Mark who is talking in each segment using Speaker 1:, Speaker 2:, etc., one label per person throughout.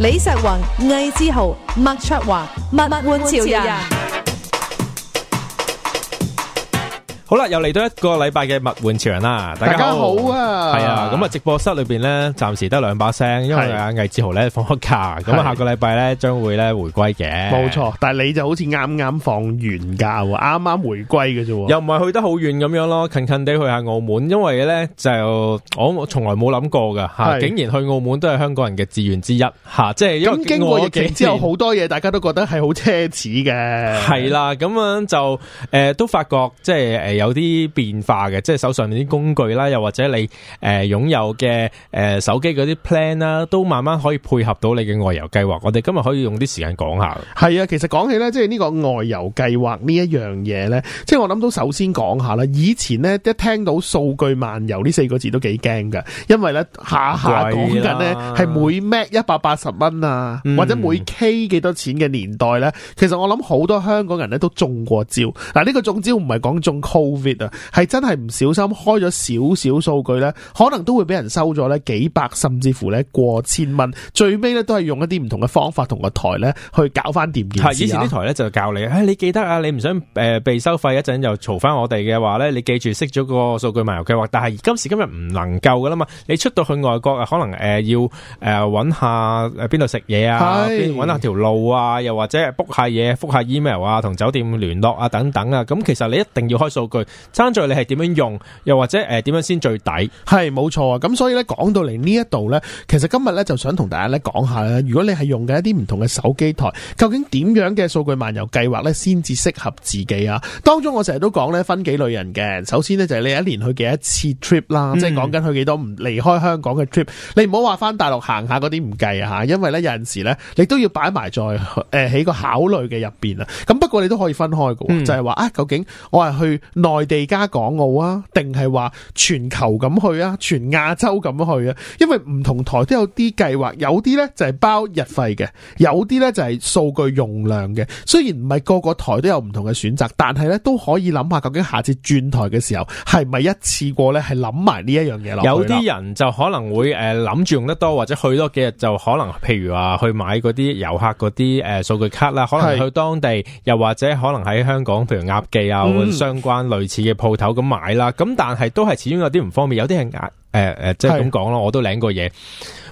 Speaker 1: 李石宏、魏志豪、麥卓華、物玩潮人。
Speaker 2: 好啦，又嚟到一個禮拜嘅物玩潮人啦，大家好，大家好啊，係啊，咁啊，直播室裏邊咧，暫時得兩把聲，因為啊，魏志豪咧放咗假咁啊，是那下個禮拜咧將會咧回歸嘅，冇錯，
Speaker 1: 但係你就好似啱啱放完假，啱啱回歸嘅啫，又
Speaker 2: 唔係去得好遠咁樣咯，近近地去一下澳門，因為咧就我從來冇諗過噶吓，啊、是竟然去澳門都係香港人嘅志願之一吓、啊，即係因為經過疫情之後，好多嘢大家都覺得係好奢侈嘅，係啦，咁樣就誒、呃、都發覺即係誒。呃有啲變化嘅，即係手上面啲工具啦，又或者你誒擁、呃、有嘅誒、呃、手機嗰啲 plan 啦，都慢慢可以配合到你嘅外遊計劃。我哋今日可以用啲時間講下。
Speaker 1: 係啊，其實講起咧，即係呢個外遊計劃呢一樣嘢咧，即係我諗到首先講下啦。以前咧一聽到數據漫遊呢四個字都幾驚㗎，因為咧下下講緊咧係每 MB 一百八十蚊啊，嗯、或者每 K 幾多錢嘅年代咧。其實我諗好多香港人咧都中過招。嗱、啊，呢、這個中招唔係講中 V 啊，係真係唔小心開咗少少數據咧，可能都會俾人收咗咧幾百，甚至乎咧過千蚊，最尾咧都係用一啲唔同嘅方法同個台咧去
Speaker 2: 搞翻掂件事。係，以前啲台咧就教你，唉，你記得啊，你唔想誒被收費，一陣又嘈翻我哋嘅話咧，你記住熄咗個數據漫遊計劃。但係今時今日唔能夠噶啦嘛，你出到去外國啊，可能誒要誒搵下誒邊度食嘢啊，搵下條路啊，又或者 book 下嘢，覆下 email 啊，同酒店聯絡啊等等啊，咁其實你一定要開數據。爭在你係點樣用，又或者誒、呃、點樣先最抵？係冇錯啊！咁所以咧，講
Speaker 1: 到嚟呢一度呢，其實今日呢，就想同大家咧講下啦，如果你係用緊一啲唔同嘅手機台，究竟點樣嘅數據漫遊計劃呢先至適合自己啊？當中我成日都講呢，分幾類人嘅。首先呢，就係你一年去幾多次 trip 啦，嗯、即係講緊去幾多唔離開香港嘅 trip。你唔好話返大陸行下嗰啲唔計啊，因為呢，有陣時呢，你都要擺埋在誒喺、呃、個考慮嘅入邊啊。咁不過你都可以分開嘅，嗯、就係話啊，究竟我係去內地加港澳啊，定係話全球咁去啊，全亞洲咁去啊？因為唔同台都有啲計劃，有啲咧就係、是、包日費嘅，有啲咧就係、是、數據容量嘅。雖然唔係個個台都有唔同嘅選擇，但係咧都可以諗下究竟下次轉台嘅時候係咪一次過咧，係諗埋呢一樣嘢咯，有啲
Speaker 2: 人就可能會誒諗住用得多，或者去多幾日就可能，譬如話去買嗰啲遊客嗰啲誒數據卡啦，可能去當地，是又或者可能喺香港，譬如鴨記啊相關類、嗯。類似嘅鋪頭咁買啦，咁但係都係始終有啲唔方便，有啲係誒誒，即係咁講咯，的我都領過嘢。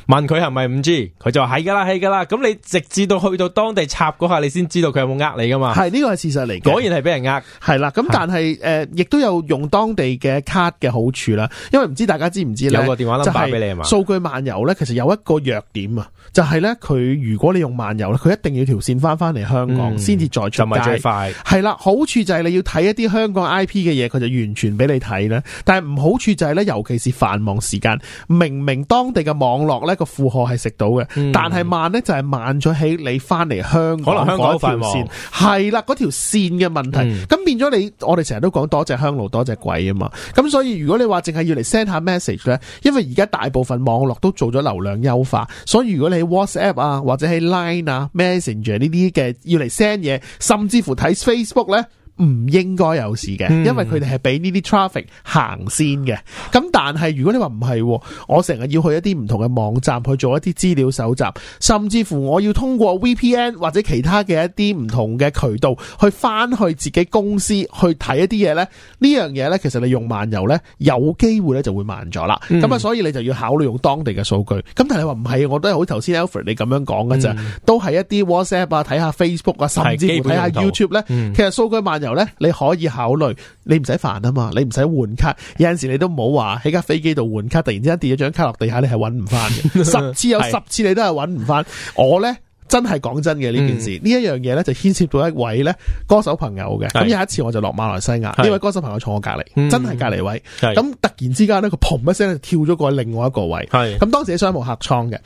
Speaker 2: 問佢係咪 5G，佢就話係噶啦，係噶啦。咁你直至到去到當地插嗰下，你先知道佢有冇呃你噶嘛？係呢個係事實嚟。果然係俾人的呃。係啦，
Speaker 1: 咁但係誒，亦都有用當地嘅卡嘅好處啦。因為唔知大家知唔知咧？有個電話 number 俾、就是、你啊嘛。數據漫遊呢，其實有一個弱點啊，就係呢。佢如果你用漫遊佢一定要條線翻翻嚟香港先至、嗯、再出街。就唔係最快。係啦，好處就係你要睇一啲香港 I P 嘅嘢，佢就完全俾你睇啦。但係唔好處就係、是、呢，尤其是繁忙時間，明明當地嘅網絡呢。個負荷係食到嘅，但係慢呢就係慢咗喺你翻嚟香港。可能香港條線係啦，嗰條飯網 線嘅問題，咁、嗯、變咗你我哋成日都講多隻香爐多隻鬼啊嘛。咁所以如果你話淨係要嚟 send 下 message 呢，因為而家大部分網絡都做咗流量優化，所以如果你喺 WhatsApp 啊或者喺 Line 啊 Messenger 呢啲嘅要嚟 send 嘢，甚至乎睇 Facebook 呢。唔應該有事嘅，因為佢哋係俾呢啲 traffic 行先嘅。咁、嗯、但係如果你話唔係，我成日要去一啲唔同嘅網站去做一啲資料搜集，甚至乎我要通過 VPN 或者其他嘅一啲唔同嘅渠道去翻去自己公司去睇一啲嘢咧。樣呢樣嘢咧，其實你用漫遊咧，有機會咧就會慢咗啦。咁啊、嗯，所以你就要考慮用當地嘅數據，咁但係你話唔係，我都係好似頭先 Alfred 你咁樣講嘅咋，嗯、都係一啲 WhatsApp 啊，睇下 Facebook 啊，甚至乎睇下 YouTube 咧。嗯、其實數據漫遊。咧你可以考慮，你唔使煩啊嘛，你唔使換卡，有陣時你都冇話喺架飛機度換卡，突然之間跌咗張卡落地下，你係搵唔翻，十 次有十次你都係搵唔翻， 我咧。真係講真嘅呢件事，呢一樣嘢咧就牽涉到一位咧歌手朋友嘅。咁有一次我就落馬來西亞，呢位歌手朋友坐我隔離，真係隔離位。咁突然之間咧，佢砰一聲跳咗過去另外一個位。咁當時喺商務客艙嘅，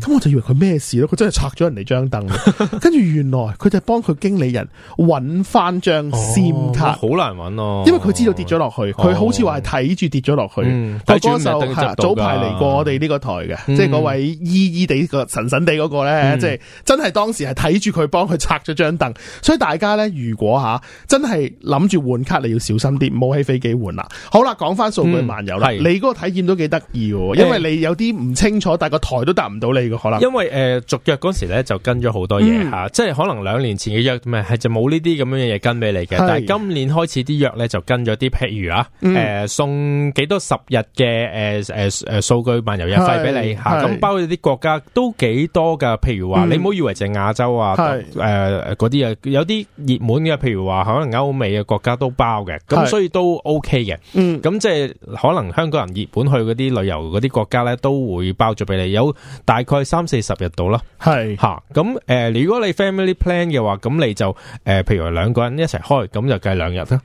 Speaker 1: 咁我就以為佢咩事咯，佢真係拆咗人哋張凳。跟住原來佢就幫佢經理人搵翻張 SIM 卡，好難
Speaker 2: 搵咯，因為佢
Speaker 1: 知道跌咗落去，佢好似話係睇住跌咗落去。個歌手早排嚟過我哋呢個台嘅，即係嗰位依依地個神神地嗰個咧，即係。真係當時係睇住佢幫佢拆咗張凳，所以大家咧，如果吓、啊，真係諗住換卡，你要小心啲，唔好喺飛機換啦。好啦，講翻數據漫遊啦，嗯、你嗰個體驗都幾得意喎，因為你有啲唔清楚，欸、但個台都答唔到你嘅可能。因
Speaker 2: 為誒、呃、續約嗰時咧就跟咗好多嘢嚇、嗯啊，即係可能兩年前嘅約咩係就冇呢啲咁樣嘅嘢跟俾你嘅，是但係今年開始啲約咧就跟咗啲，譬如啊、嗯、送幾多十日嘅誒誒誒數據漫遊日費俾你咁、啊、包括啲國家都幾多噶，譬如話、嗯、你冇。以為就亞洲啊，誒嗰啲啊，有啲熱門嘅，譬如話可能歐美嘅國家都包嘅，咁是所以都 OK 嘅。嗯，咁即係可能香港人熱門去嗰啲旅遊嗰啲國家咧，都會包咗俾你，有大概三四十日度啦。係吓是，咁誒、啊呃，如果你 family plan 嘅話，咁你就誒、呃，譬如兩個人一齊開，咁就計兩日啦。咁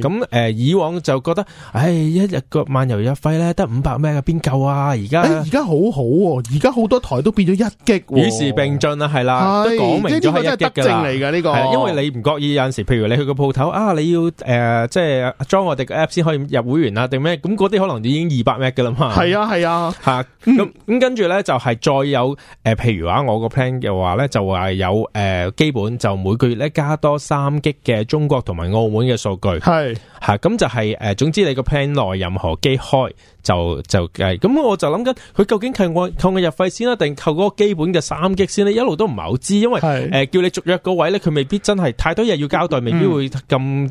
Speaker 2: 誒是、啊呃，以往就覺得，唉、哎，一日個漫遊日費咧得五百咩？嘅，邊夠啊？而家而家好好、啊，而家好多台都變咗一擊，與時並進啊！係啦，都講明咗一 G 噶啦。係、這個，因為你唔覺意有陣時，譬如你去個鋪頭啊，你要誒、呃，即係裝我哋嘅 app 先可以入會員啊，定咩？咁嗰啲可能已經二百 Mbps 噶啦嘛。係啊，係啊，吓咁咁跟住咧就係、是、再有誒、呃，譬如我的的話我個 plan 嘅話咧就話有誒、呃，基本就每個月咧加多三 G 嘅中國同埋澳門嘅數據。係吓咁就係、是、誒、呃，總之你個 plan 內任何機開。就就計咁，我就諗緊佢究竟扣我扣我日費先啦、啊，定扣嗰個基本嘅 3G 先咧？一路都唔係好知，因為誒是、呃、叫你續約嗰位咧，佢未必真係太多嘢要交代，嗯、未必會咁。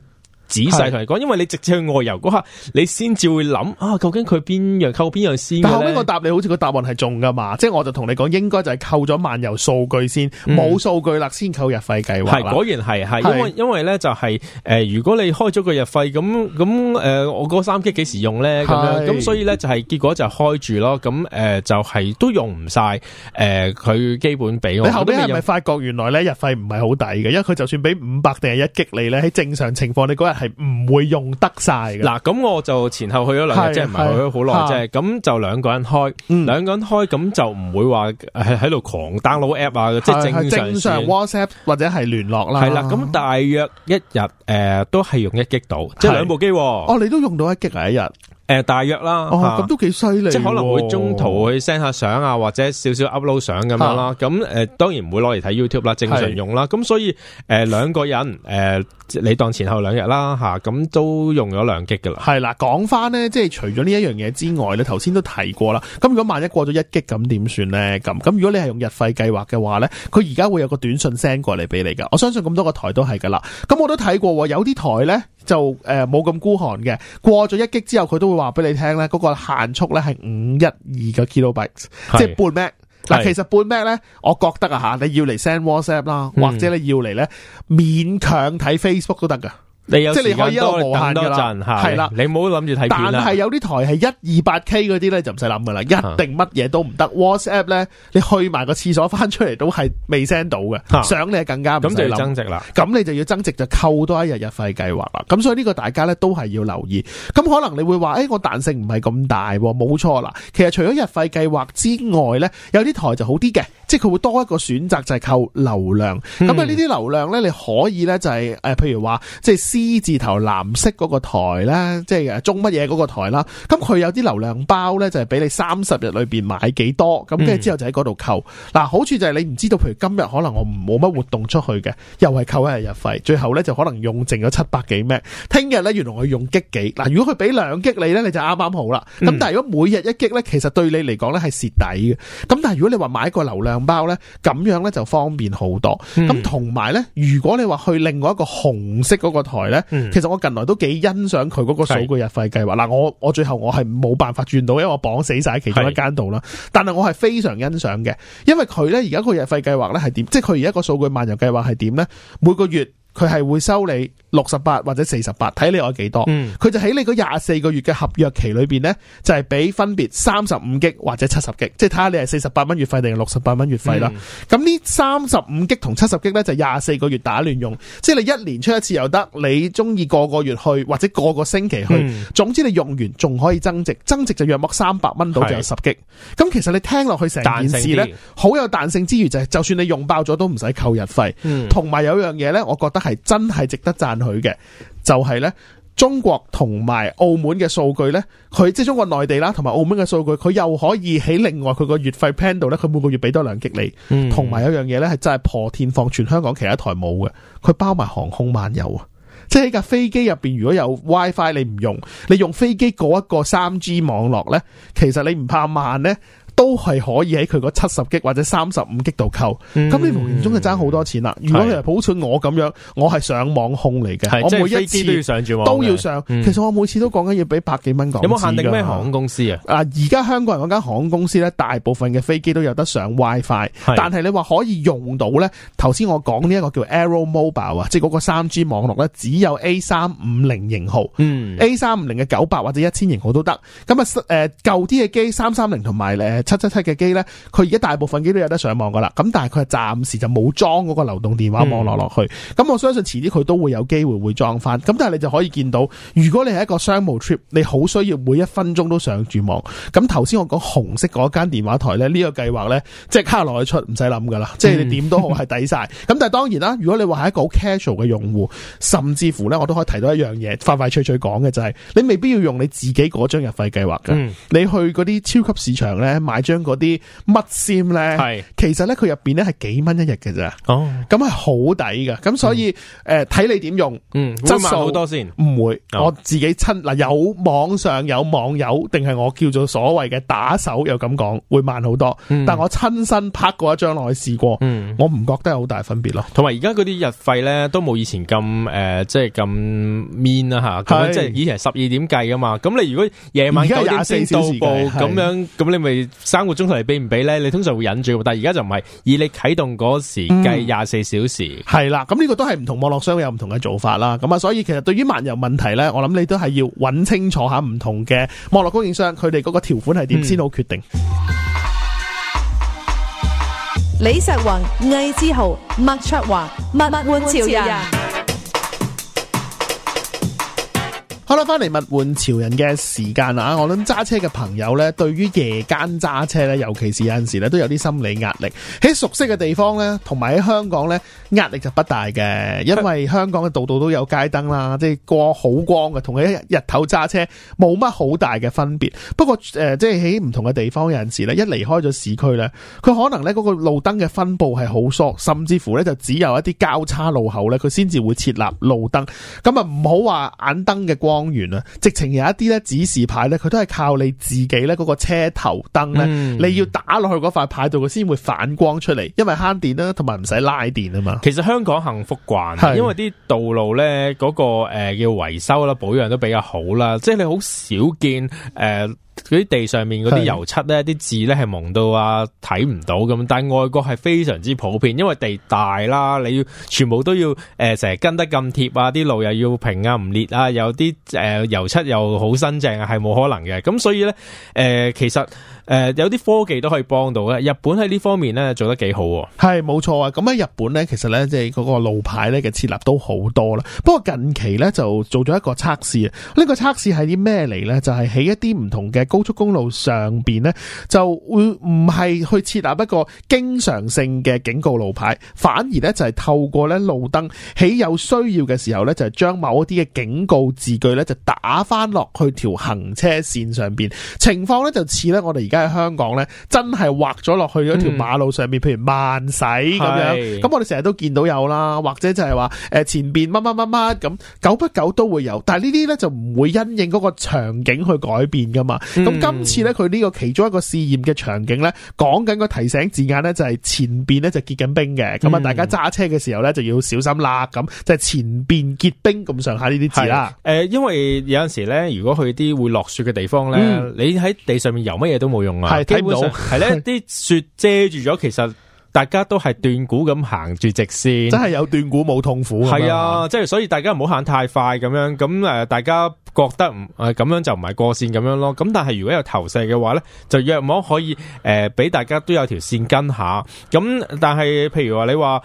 Speaker 2: 仔細同你講，因為你直接去外遊嗰刻你先至會諗啊，究竟佢邊樣扣邊樣先？但後尾我答你好似個答
Speaker 1: 案係中噶嘛，即係我就同你講，應該就係扣咗漫遊數據先，冇數、嗯、據啦，先扣日
Speaker 2: 費計劃。係，果然係係，是是因為因為咧就係、是、誒、呃，如果你開咗個日費咁咁誒，我嗰三 G 幾時用咧？咁是樣咁所以咧就係、是、結果就開住咯，咁誒、呃、就係、是、都用唔晒誒，佢、呃、基本俾我。你後尾係咪發覺原來咧日費
Speaker 1: 唔係好抵嘅？因為佢就算俾五百定係一激你咧，喺正常情況你嗰日。係唔會用得
Speaker 2: 晒嘅，嗱咁我就前後去咗兩日，即係唔係去咗好耐啫。咁就兩個人開，兩個人開咁就唔會話係喺度狂 download app 啊，即係正常正常
Speaker 1: WhatsApp 或
Speaker 2: 者係聯絡啦。係啦，咁大約一日誒，都係用一 G 到，即係兩部機。哦，你都用到一 G 啊，一日。誒、呃，大約啦，咁都幾犀利，啊、即可能會中途去 send 下相啊，或者少少 upload 相咁樣啦。咁誒、啊啊，當然唔會攞嚟睇 YouTube 啦，正常用啦。咁是的、啊、所以誒，兩、呃、個人誒、呃，你當前後兩日啦吓，咁、啊啊、都用咗兩 gig 噶啦。係啦，講翻咧，即係除咗呢一樣嘢之外咧，頭先都提過啦。咁如果萬一過
Speaker 1: 咗一 gig 咁點算咧？咁咁如果你係用日費計劃嘅話咧，佢而家會有個短信 send 過嚟俾你噶。我相信咁多個台都係噶啦。咁我都睇過，有啲台咧，就誒冇咁孤寒嘅，過咗一擊之後，佢都會話俾你聽咧，嗰個限速咧係五一二嘅 kilobyte 即係半咩？嗱是，其實半咩呢？咧，我覺得啊嚇，你要嚟 send WhatsApp 啦、嗯，或者你要嚟咧，勉強睇 Facebook 都得噶。你有即係你可以一路無限噶啦，係啦，的
Speaker 2: 你唔好諗住睇片啦。但係有
Speaker 1: 啲台係一二八 K 嗰啲咧，就唔
Speaker 2: 使諗噶啦，一定乜嘢
Speaker 1: 都唔得。啊、WhatsApp 咧，你去埋個廁所翻出嚟都係未 send 到嘅，啊、想你更加唔。咁就要增值啦。咁你就要增值就扣多一日日費計劃啦。咁所以呢個大家咧都係要留意。咁可能你會話誒、哎，我彈性唔係咁大。冇錯啦，其實除咗日費計劃之外咧，有啲台就好啲嘅。即係佢會多一個選擇，就係、是、扣流量。咁啊、嗯，呢啲流量咧，你可以咧就係、是、誒，譬如話即係 C 字頭藍色嗰個台咧，即、就、係、是、中乜嘢嗰個台啦。咁佢有啲流量包咧，就係俾你三十日裏面買幾多。咁跟住之後就喺嗰度扣。嗱、嗯，好處就係你唔知道，譬如今日可能我冇乜活動出去嘅，又係扣一日日費，最後咧就可能用剩咗七百幾咩。聽日咧，原來我用激幾嗱，G, 如果佢俾兩激你咧，你就啱啱好啦。咁但係如果每日一激咧，其實對你嚟講咧係蝕底嘅。咁但係如果你話買一個流量，包咧咁樣咧就方便好多，咁同埋咧，如果你話去另外一個紅色嗰個台咧，嗯、其實我近來都幾欣賞佢嗰個數據日費計劃。嗱，是，我我最後我係冇辦法轉到，因為我綁死晒其中一間度啦。是但係我係非常欣賞嘅，因為佢咧而家個日費計劃咧係點？即係佢而家個數據漫遊計劃係點咧？每個月佢係會收你。六十八或者四十八，睇你有幾多，佢就喺你嗰廿四個月嘅合約期裏邊呢，就係、是、俾分別三十五激或者七十激，即係睇下你係四十八蚊月費定係六十八蚊月費啦。咁呢三十五激同七十激呢，就廿四個月打亂用，即、就、係、是、你一年出一次又得，你中意個個月去或者個個星期去，嗯、總之你用完仲可以增值，增值就約莫三百蚊到就有十激是。咁其實你聽落去成件事呢，好有彈性之餘就係、就算你用爆咗都唔使扣日費，同埋、嗯、有樣嘢呢，我覺得係真係值得讚。佢嘅就係呢，中國同埋澳門嘅數據呢，佢即係中國內地啦，同埋澳門嘅數據，佢又可以喺另外佢個月費 plan 度呢，佢每個月俾多兩吉你，同埋、嗯、有樣嘢呢，係真係破天荒全香港其他台冇嘅，佢包埋航空漫遊啊，即係架飛機入邊如果有 WiFi 你唔用，你用飛機嗰一個三 G 網絡呢，其實你唔怕慢呢。都係可以喺佢個七十 G 或者三十五 G 度，扣咁你無形中就爭好多錢啦。的如果佢係好似我咁樣，我係上網控嚟嘅，的我每一次都要上網。就是、其實我每次都講緊要俾百幾蚊港，有冇限定咩航空公司啊？啊，而家香港人嗰間航空公司咧，大部分嘅飛機都有得上 WiFi，的但係你話可以用到呢？頭先我講呢一個叫 Aero Mobile 啊，即嗰個三 G 網絡咧，只有 A 三五零型號、嗯、，A 三五零嘅九百或者一千型號都得。咁啊誒舊啲嘅機三三零同埋誒。七七七嘅機呢，佢而家大部分機都有得上網噶啦，咁但係佢暫時就冇裝嗰個流動電話網絡落去，咁、嗯、我相信遲啲佢都會有機會會裝翻。咁但係你就可以見到，如果你係一個商務 trip，你好需要每一分鐘都上住網。咁頭先我講紅色嗰間電話台呢，呢、呢個計劃呢，即刻落去出，唔使諗噶啦，即、就、係、是、你點都好係抵晒。咁、嗯、但係當然啦，如果你話係一個好 casual 嘅用戶，甚至乎呢，我都可以提到一樣嘢，快快脆脆講嘅就係、是，你未必要用你自己嗰張入費計劃嘅，嗯、你去嗰啲超級市場呢。買張嗰啲乜 SIM 咧，係其實咧佢入邊咧係幾蚊一日嘅咋，哦，咁係好抵噶咁所以誒睇你點用，嗯，會慢好多
Speaker 2: 先，唔會，我
Speaker 1: 自己親嗱有網上有網友，定係我叫做所謂嘅打手又咁講，會慢好多，但我親身拍過一張落去試過，嗯，我唔覺得有好大分別咯，
Speaker 2: 同埋而家嗰啲日費咧都冇以前咁誒，即係咁 mean 啦吓，即係以前係十二點計噶嘛，咁你如果夜晚九點先到步咁樣，咁你咪。生活中佢你俾唔俾呢？你通常會忍住，但係而家就唔係以你啟動嗰時計廿四小時。嗯。
Speaker 1: 係啦，咁呢個都係唔同網絡商有唔同嘅做法啦。咁啊，所以其實對於漫遊問題呢，我諗你都係要揾清楚下唔同嘅網絡供應商，佢哋嗰個條款係點先好決定。嗯、李石雲、魏之豪、麥卓華、
Speaker 2: 麥麥換潮人。
Speaker 1: 好啦，翻嚟物玩潮人嘅時間啦，我諗揸車嘅朋友呢，對於夜間揸車呢，尤其是有陣時呢都有啲心理壓力。喺熟悉嘅地方呢，同埋喺香港呢，壓力就不大嘅，因為香港嘅度度都有街燈啦，即係光好光嘅，同佢日頭揸車冇乜好大嘅分別。不過誒，即係喺唔同嘅地方有陣時呢一離開咗市區呢，佢可能呢嗰個路燈嘅分布係好疏，甚至乎呢就只有一啲交叉路口呢，佢先至會設立路燈。咁啊，唔好話眼燈嘅光。公園啦，直情有一啲咧指示牌咧，佢都係靠你自己咧嗰個車頭燈咧，嗯、你要打落去嗰塊牌度，佢先會反光出嚟，因為慳電啦，同埋唔使拉電啊嘛。其實香港
Speaker 2: 幸福慣，因為啲道路咧、那、嗰個誒要維修啦、保養都比較好啦，即係你好少見誒。呃嗰啲地上面嗰啲油漆咧，啲字咧係蒙到啊，睇唔到咁。但係外國係非常之普遍，因為地大啦，你要全部都要誒，成日跟得咁貼啊，啲路又要平啊，唔裂啊，有啲誒油漆又好新淨啊，係冇可能嘅。咁所以咧，誒、呃，其實誒、呃，有啲科技都可以幫到嘅。日本喺呢方面咧做得幾好，
Speaker 1: 係冇錯啊。咁喺日本咧，其實咧即係嗰個路牌咧嘅設立都好多啦。不過近期咧就做咗一個測試啊，這個、呢個測試係啲咩嚟咧？就係、是、起一啲唔同嘅。高速公路上邊呢，就會唔係去設立一個經常性嘅警告路牌，反而呢，就係透過呢路燈喺有需要嘅時候呢，就係、是、將某一啲嘅警告字句呢，就打翻落去條行車線上邊。情況呢，就似呢我哋而家喺香港呢，真係畫咗落去一條馬路上面，嗯、譬如慢駛咁樣。咁是我哋成日都見到有啦，或者就係話誒前邊乜乜乜乜咁，久不久都會有。但係呢啲呢，就唔會因應嗰個場景去改變噶嘛。咁今、嗯、次咧，佢呢個其中一個試驗嘅場景咧，講緊個提醒字眼咧，就係前邊咧就結緊冰嘅，咁啊、嗯、大家揸車嘅時候咧就要小心啦，咁就前邊結冰咁上下呢啲字啦。
Speaker 2: 誒、啊呃，因為有陣時咧，如果去啲會落雪嘅地方咧，嗯、你喺地上面游乜嘢都冇用啊。係睇唔到，係咧的，啲 雪遮住咗，其實大家都係斷估咁行住直線，真係有
Speaker 1: 斷估冇痛苦。係啊，
Speaker 2: 即係所以大家唔好行太快咁樣。咁誒，大家。覺得唔誒，咁樣就唔係過線咁樣咯，咁但係如果有投射嘅話呢，就約摸可以誒俾、呃、大家都有條線跟下。咁但係譬如話你話誒、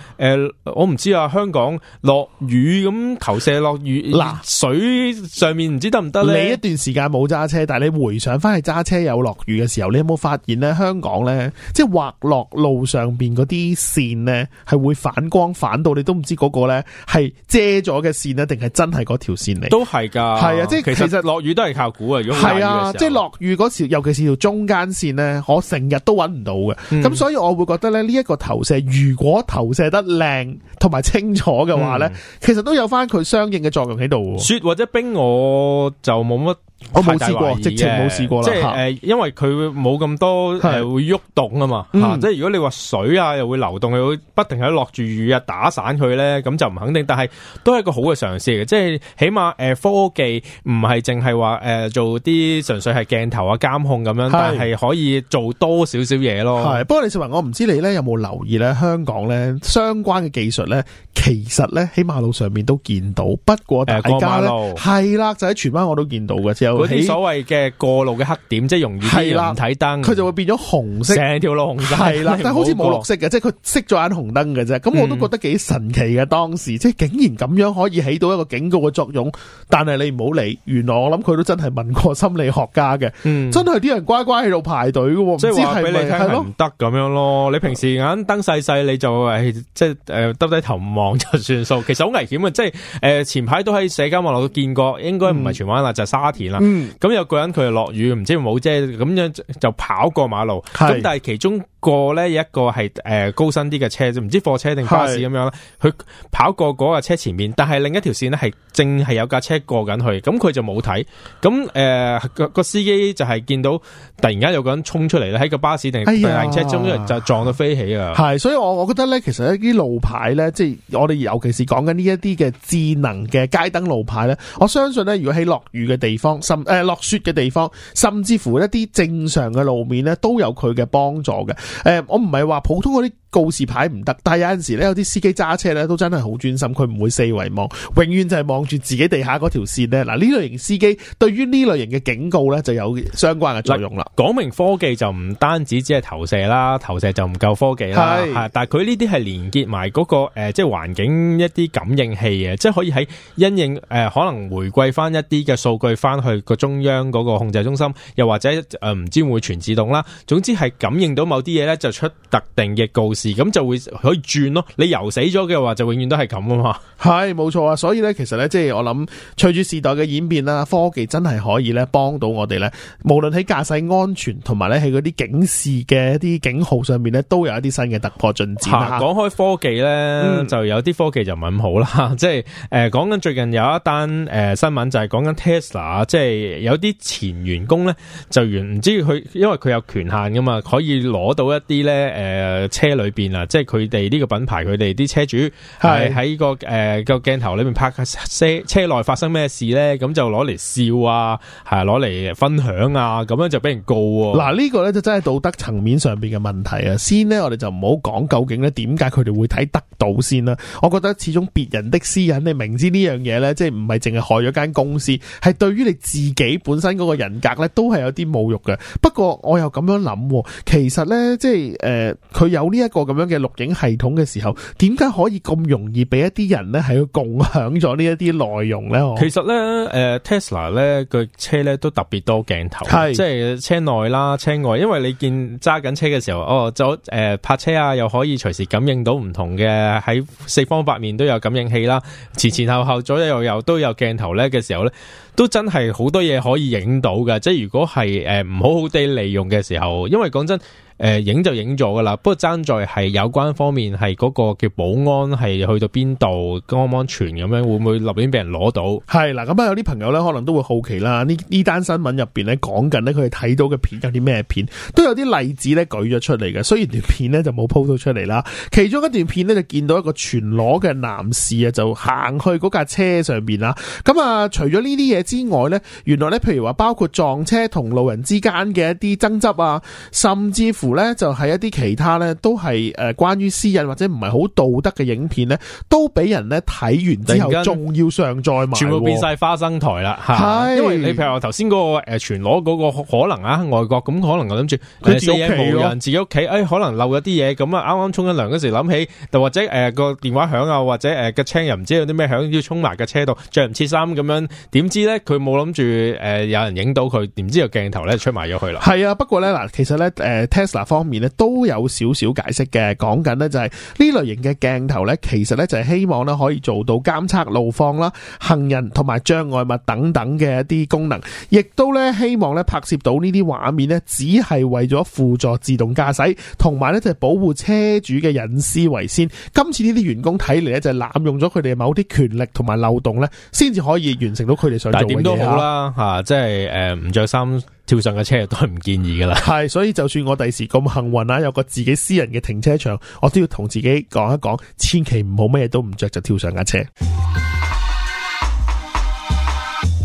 Speaker 2: 呃，我唔知啊，香港落雨咁投射落雨嗱喇水上面唔知得唔得。你一
Speaker 1: 段時間冇揸車，但係你回想翻去揸車有落雨嘅時候，你有冇發現呢？香港呢，即係滑落路上邊嗰啲線呢，係會反光反到你都唔知嗰個呢，係遮咗嘅線呢定係真係嗰條線嚟？都係噶，係啊，即其實
Speaker 2: 落雨都係靠估啊！如果係啊，即係落
Speaker 1: 雨嗰時，尤其是條中間線呢，我成日都揾唔到嘅。咁、嗯、所以我會覺得咧，呢一個投射如果投射得靚同埋清楚嘅話呢，嗯、其實都有翻佢相應嘅作用喺度。
Speaker 2: 雪或者冰我就冇乜。我冇試過，直情冇試過啦。即係是誒，啊、因為佢冇咁多係是會喐動啊嘛，嗯、即係如果你話水啊又會流動，佢會不停喺度落住雨啊打散佢咧，咁就唔肯定。但係都係一個好嘅嘗試嘅，嗯、即係起碼誒、呃、科技唔係淨係話誒做啲純粹係鏡頭啊監控咁樣，是但係可以做多少少嘢咯。不
Speaker 1: 過李少雲，我唔知你咧有冇留意咧香港咧相關嘅技術咧，其實咧喺馬路上面都見到。不過大家咧係、呃、啦，就喺荃灣我都見到
Speaker 2: 嘅，嗰啲所謂嘅過路嘅黑點，即係容易唔睇燈，佢就會變咗紅色，成條路紅晒係啦。但係好似冇綠色
Speaker 1: 嘅，即係佢熄咗盞紅燈嘅啫。咁我都覺得幾神奇嘅，當時即係竟然咁樣可以起到一個警告嘅作用。但係你唔好理，原來我諗佢都真係問過心理學家嘅，嗯，真係啲人乖乖喺度排隊嘅喎，即係話俾你聽係唔
Speaker 2: 得咁樣咯。你平時眼燈細細，你就誒，即係誒，低低頭望就算數。其實好危險嘅，即係誒，前排都喺社交網絡都見過，應該唔係荃灣啦，就係沙田啦。嗯，咁有個人佢係落雨，唔知冇遮，咁樣就跑過馬路。咁是但係其中。過呢一個係誒、呃、高身啲嘅車就唔知貨車定巴士咁是樣啦。佢跑過嗰架車前面，但係另一條線呢係正係有架車過緊去，咁佢就冇睇。咁誒、呃嗰個司機就係見到突然間有個人衝出嚟咧，喺個巴士定列車中，哎、呀人就撞到飛起啊！
Speaker 1: 係，所以我我覺得呢，其實一啲路牌呢，即係我哋尤其是講緊呢一啲嘅智能嘅街燈路牌呢。我相信呢，如果喺落雨嘅地方，甚誒落、呃、雪嘅地方，甚至乎一啲正常嘅路面呢，都有佢嘅幫助嘅。誒、欸，我唔係話普通嗰啲。告示牌唔得，但係有陣時咧，有啲司機揸車咧都真係好專心，佢唔會四圍望，永遠就係望住自己地下嗰條線咧。嗱呢類型司機對於呢類型嘅警告咧就有
Speaker 2: 相關嘅作用啦。講明科技就唔單止只係投射啦，投射就唔夠科技啦。係是，但係佢呢啲係連結埋嗰、那個誒、呃，即係環境一啲感應器嘅，即係可以喺因應誒、呃，可能回饋翻一啲嘅數據翻去個中央嗰個控制中心，又或者誒唔、呃、知會全自動啦。總之係感應到某啲嘢咧，就出特定嘅告示。咁就會可以轉咯。你游死咗嘅話，就永遠都係咁啊嘛。
Speaker 1: 係冇錯啊。所以咧，其實咧，即係我諗，隨住時代嘅演變啦，科技真係可以咧幫到我哋咧。無論喺駕駛安全同埋咧喺嗰啲警示嘅一啲警號上面咧，都有一啲新嘅突破進展。
Speaker 2: 講、啊、開科技咧，嗯、就有啲科技就唔係咁好啦。即係誒講緊最近有一單、呃、新聞，就係講緊 Tesla，即係有啲前員工咧就完唔知佢，因為佢有權限噶嘛，可以攞到一啲咧誒車輛。變啦，即係佢哋呢個品牌，佢哋啲車主係喺個誒、呃、個鏡頭裏面拍車，車內發生咩事呢？咁就攞嚟笑啊，係攞嚟分享啊，咁樣就俾人告、啊。嗱、
Speaker 1: 呢個呢就真係道德層面上邊嘅問題啊。先呢，我哋就唔好講究竟呢，點解佢哋會睇得到先啦、啊。我覺得始終別人的私隱，你明知呢樣嘢呢，即係唔係淨係害咗間公司，係對於你自己本身嗰個人格呢，都係有啲侮辱嘅。不過我又咁樣諗、啊，其實呢，即係誒，佢、呃、有呢、呢、一個。個咁樣嘅錄影系統嘅時候，點解可以咁容易俾一啲人咧，係去共享咗呢一啲內容咧？其
Speaker 2: 實咧，誒、呃、Tesla 咧個車咧都特別多鏡頭，是即係車內啦、車外，因為你見揸緊車嘅時候，哦，就，誒、呃、泊車啊，又可以隨時感應到唔同嘅喺四方八面都有感應器啦，前前後後、左右右右都有鏡頭咧嘅時候咧，都真係好多嘢可以影到㗎。即係如果係誒唔好好地利用嘅時候，因為講真的。誒，影、嗯、就影咗噶啦，不過爭在係有關方面係嗰個叫保安係去到邊度安唔安全咁樣，會唔會立亂俾人攞到？係啦，咁啊有啲朋友咧可能都會好奇啦，
Speaker 1: 呢呢單新聞入邊咧講緊咧，佢哋睇到嘅片有啲咩片？都有啲例子咧舉咗出嚟，嘅，雖然條片咧就冇 po 到出嚟啦。其中一段片咧就見到一個全裸嘅男士啊，就行去嗰架車上邊啦。咁啊，除咗呢啲嘢之外咧，原來咧，譬如話包括撞車同路人之間嘅一啲爭執啊，甚至乎。咧就係、是、一啲其他咧，都係誒關於私隱或者唔係好道德嘅影片咧，都俾人咧睇完之後，仲然要上載
Speaker 2: 嘛？全部變晒花生台啦嚇！係是因為你譬如話頭先嗰個全、呃、裸嗰個可能啊，外國咁可能我諗住佢自己無人自己屋企，誒、啊哎、可能漏咗啲嘢咁啊，啱啱沖緊涼嗰時諗起，又或者誒個、呃、電話響啊，或者誒嘅、呃、車又唔知有啲咩響要衝埋架車度，着唔切衫咁樣，點知咧佢冇諗住誒有人影到佢，點知個鏡頭咧出埋咗去啦？
Speaker 1: 係啊，不過咧嗱，其實咧誒、呃 Tesla 方面咧都有少少解釋嘅，講緊呢就係呢類型嘅鏡頭呢，其實呢就係希望呢可以做到監測路況啦，行人同埋障礙物等等嘅一啲功能，亦都呢希望呢，拍攝到呢啲畫面呢，只係為咗輔助自動駕駛，同埋呢就係保護車主嘅隱私為先。今次呢啲員工睇嚟，呢，就係濫用咗佢哋某啲權力同埋漏洞呢，先至可以完成到佢哋想做嘅事。但係點都好啦，
Speaker 2: 吓，啊，即係誒唔着心。呃跳上架車都係唔建議噶啦，係，所以就算我第時咁幸運
Speaker 1: 啦，有個自己私人嘅停車場，我都要同自己講一講，千祈唔好咩都唔着就跳上架車。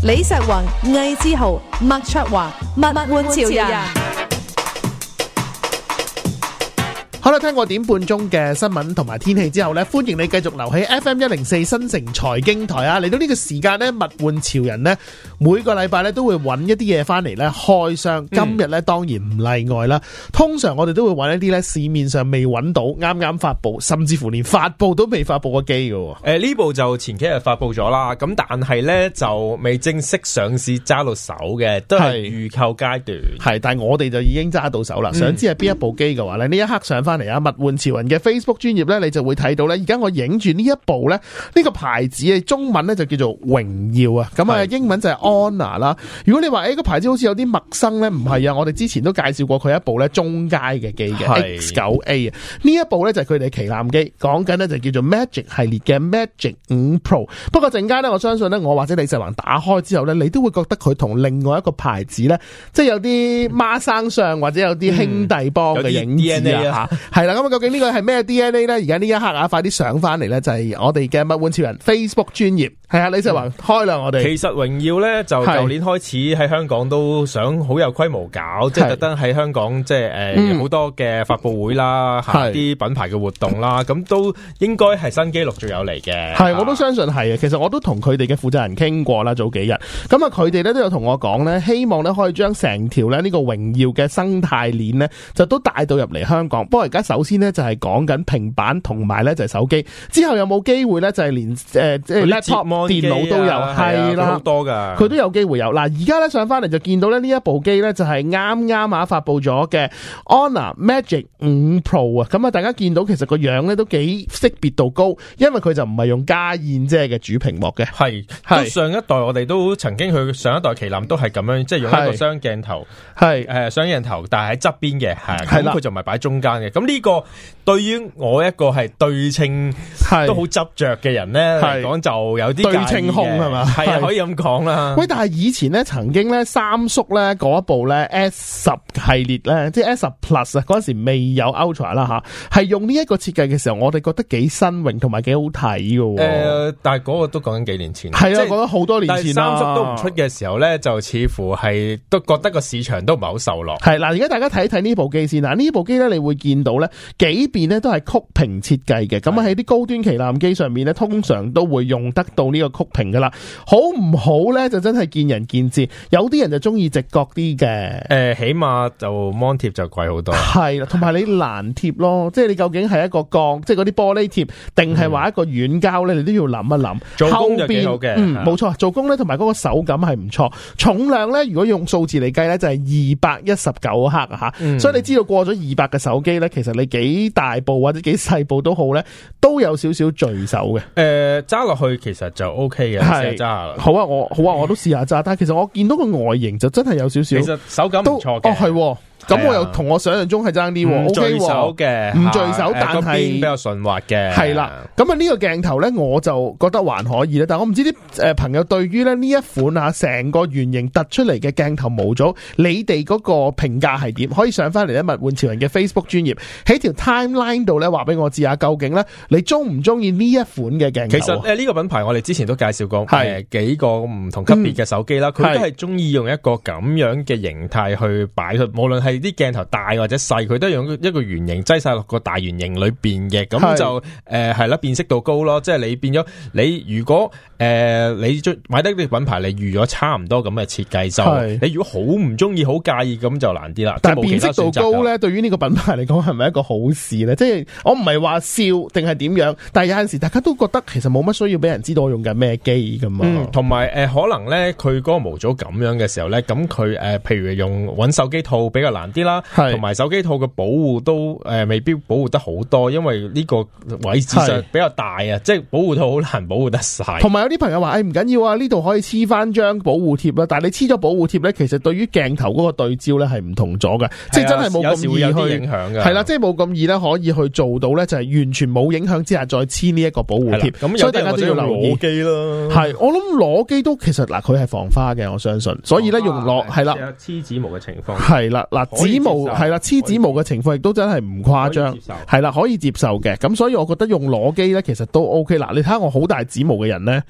Speaker 1: 李石雲、魏之豪、麥卓華、物玩潮人。好啦，聽過點半鐘嘅新聞同埋天氣之後呢，歡迎你繼續留喺 F M 一零四新城財經台啊！嚟到呢個時間呢，物玩潮人呢每個禮拜呢都會揾一啲嘢翻嚟呢開箱。今日呢，當然唔例外啦。嗯、通常我哋都會揾
Speaker 2: 一啲呢市面上未揾到，啱啱發布，甚至乎連發佈都未發佈嘅機嘅。誒、呃，呢部就前幾日發佈咗啦，咁但係呢，就未正式上市揸到手嘅，都係預購階段。係，但係我哋就已經揸到手啦。嗯、想知係邊一部機
Speaker 1: 嘅話咧，呢、嗯、一刻上翻。嚟啊！物玩潮人嘅 Facebook 專頁咧，你就會睇到咧。而家我影住呢一部咧，呢、這個牌子嘅中文咧就叫做榮耀啊，咁啊英文就係 Honor 啦。如果你話誒個牌子好似有啲陌生咧，唔係啊，我哋之前都介紹過佢一部咧中階嘅機嘅 X 九 A 啊。呢一部咧就係佢哋旗艦機，講緊咧就叫做 Magic 系列嘅 Magic 五 Pro。不過陣間咧，我相信咧我或者李世環打開之後咧，你都會覺得佢同另外一個牌子咧，即係有啲孖生相或者有啲兄弟幫嘅影子 係啦，咁究竟呢個係咩 DNA 呢？而家呢一刻啊，快啲上翻嚟呢，就係、是、我哋嘅物玩潮人 Facebook 專業，係啊，李世宏開啦，我哋其實
Speaker 2: 榮耀呢，就舊年開始喺香港都想好有規模搞，的即係特登喺香港即係誒好多嘅發布會啦，行啲品牌嘅活動啦，咁的都應該係新機陸續有嚟嘅。
Speaker 1: 係，我都相信係啊。其實我都同佢哋嘅負責人傾過啦，早幾日，咁啊，佢哋咧都有同我講呢，希望呢可以將成條咧呢個榮耀嘅生態鏈呢，就都帶到入嚟香港，不過而家首先咧就係講緊平板同埋咧就係手機，之後有冇機會咧就係連誒即係電腦、啊、都有係啦，好多噶佢都有機會有嗱，而家咧上翻嚟，就見到咧呢一部機咧就係啱啱啊發布咗嘅 Honor Magic 5 Pro 啊，咁啊大家見到其實個樣咧都幾識別度高，因為佢就唔係用家燕即係嘅主屏幕嘅係係
Speaker 2: 上一代我哋都曾經佢上一代旗艦，都係咁樣，即係、就是、用一個雙鏡頭，係誒雙鏡頭的但係喺側邊嘅係，咁佢就唔係擺中間嘅咁。呢個對於我一個係對稱都好執着嘅人咧嚟講，就有啲對稱控係嘛？係可以咁講啦。喂，
Speaker 1: 但係以前咧，曾經咧，三叔咧嗰部咧 S 十系列咧，即係 S 十 Plus 嗰陣時未有 Ultra 啦、啊、吓，係用呢一個設計嘅時候，我哋覺得幾新穎同埋幾好睇嘅、啊。誒、呃，
Speaker 2: 但係嗰個都講緊幾年前，係啦、啊，講緊好多年前，是三叔都唔出嘅時候咧，就似乎係都覺得個市場都唔係好受落。係
Speaker 1: 嗱、啊，而家大家睇一睇呢部機先嗱，呢部機咧你會見到。咧幾邊咧都係曲屏設計嘅，咁喺啲高端旗艦機上面咧，通常都會用得到呢個曲屏噶啦。好唔好咧？就真係見仁見智。有啲人就鍾意直角啲嘅。
Speaker 2: 誒、呃，起碼就 mon 貼就貴好多。
Speaker 1: 係啦，同埋你難貼咯，即係你究竟係一個鋼，即係嗰啲玻璃貼，定係話一個軟膠咧？你都要諗一諗。做工就幾好嘅，冇面、嗯、錯。做工咧同埋嗰個手感係唔錯。重量咧，如果用數字嚟計咧，就係二百一十九克嚇。嗯、所以你知道過咗二百嘅手機咧，其實你幾大部或者幾細部都好咧，都有少少聚手嘅。
Speaker 2: 誒、呃，揸落去其實就 O K 嘅，係揸是
Speaker 1: 好啊，我好啊，我都試下揸。但係其實我見到個外
Speaker 2: 形就真係有少少，其實手感唔錯嘅。哦，係。咁我又同我想象中係爭啲，OK，唔聚手，但係是、啊、個邊比較順滑嘅，係
Speaker 1: 啦。咁啊呢個鏡頭咧，我就覺得還可以啦。但係我唔知啲誒、呃、朋友對於咧呢一款啊，成個圓形凸出嚟嘅鏡頭冇咗，你哋嗰個評價係點？可以上返嚟咧物玩潮人嘅 Facebook 專頁喺條 timeline 度咧，話畀我知下究竟咧你鍾唔鍾意呢一款嘅鏡頭？其實
Speaker 2: 誒呢個品牌我哋之前都介紹過，係幾個唔同級別嘅手機啦，佢都係鍾意用一個咁樣嘅形態去擺出，是無論係。啲鏡頭大或者細，佢都用一個圓形擠晒落個大圓形裏邊嘅，咁就誒係啦，辨識是、呃、度高咯。即係你變咗，你如果誒、呃、你買得呢個品牌，你預咗差唔多咁嘅設計就是你如果好唔中意好介意咁就難啲啦。但係辨識度高咧，
Speaker 1: 對於呢個品牌嚟講係咪一個好事咧？即係我唔係話笑定係點樣，但係有陣時大家都覺得其實冇乜需要俾人知道我用緊咩機㗎嘛。
Speaker 2: 同埋誒可能咧佢嗰個模組咁樣嘅時候咧，咁佢誒譬如用揾手機套比較難。啲啦，同埋手機套嘅保護都誒未必保護得好多，因為呢個位置上比較大啊，是即係保護套好難保護得晒。同
Speaker 1: 埋有啲朋友話，誒唔緊要啊，呢度可以黐翻張保護貼啦。但係你黐咗保護貼咧，其實對於鏡頭嗰個對焦咧係唔同咗嘅的，即係真係冇咁易有啲影響嘅。係啦，即係冇咁易咧可以去做到咧，就係完全冇影響之下再黐呢一個保護貼。咁所以大家都要留意。機咯，係我諗攞機都其實嗱，佢係防花嘅，我相信。
Speaker 2: 所以咧用落係啦黐紙毛嘅情況係
Speaker 1: 啦嗱。指模係啦，黐指模嘅情況亦都真係唔誇張，係啦，可以接受嘅。咁所以我覺得用裸機咧，其實都 OK 啦。你睇下我好大指模嘅人咧，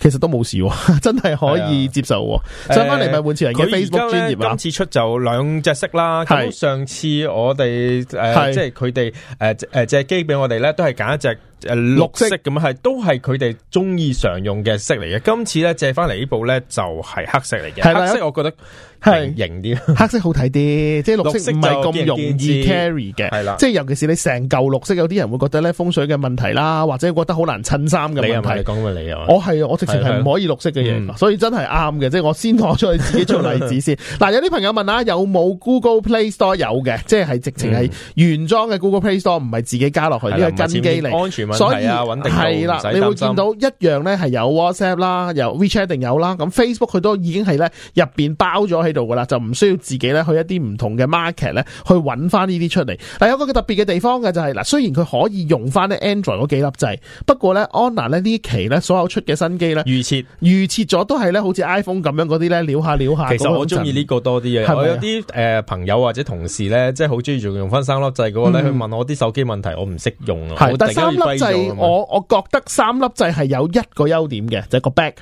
Speaker 1: 其實都冇事的，真係可以接受。上翻嚟咪換次人嘅 Facebook 專頁啊！今次
Speaker 2: 出就兩隻色啦。上次我哋誒即係佢哋誒誒借機俾我哋咧，都係揀一隻。誒，綠色咁樣係，都係佢哋中意常用嘅色嚟嘅。今次咧借翻嚟呢部咧就係黑色嚟嘅。黑色我覺得係型啲，
Speaker 1: 黑色好睇啲。即係綠色唔係咁容易 carry 嘅。係啦，即係尤其是你成嚿綠色，有啲人會覺得咧風水嘅問題啦，或者覺得好難襯衫嘅問題。你
Speaker 2: 講嘅理由，我
Speaker 1: 係我直情係唔可以綠色嘅嘢，所以真係啱嘅。即係我先攞出去自己做例子先。嗱，有啲朋友問下，有冇 Google Play Store 有嘅？即係係直情係原裝嘅 Google Play Store，唔係自己加落去呢個跟機嚟，安全所以係啦，你會見到一樣咧係有 WhatsApp 啦，有 WeChat 定有啦。咁 Facebook 佢都已經係咧入面包咗喺度噶啦，就唔需要自己咧去一啲唔同嘅 market 咧去揾翻呢啲出嚟。但有個特別嘅地方嘅就係、是、嗱，雖然佢可以用翻咧 Android 嗰幾粒掣，不過咧 Honor 咧呢期咧所有出嘅新機咧預設預設咗都係咧好似 iPhone 咁樣嗰啲咧撩下撩下。其實我中意呢
Speaker 2: 個多啲嘅。係咪有啲、呃、朋友或者同事咧，即係好中意用用翻三粒掣嗰個咧？佢、嗯、問我啲手機問題，我唔識用啊。三粒我
Speaker 1: 我覺得三粒掣係有一個優點嘅，就係個 back。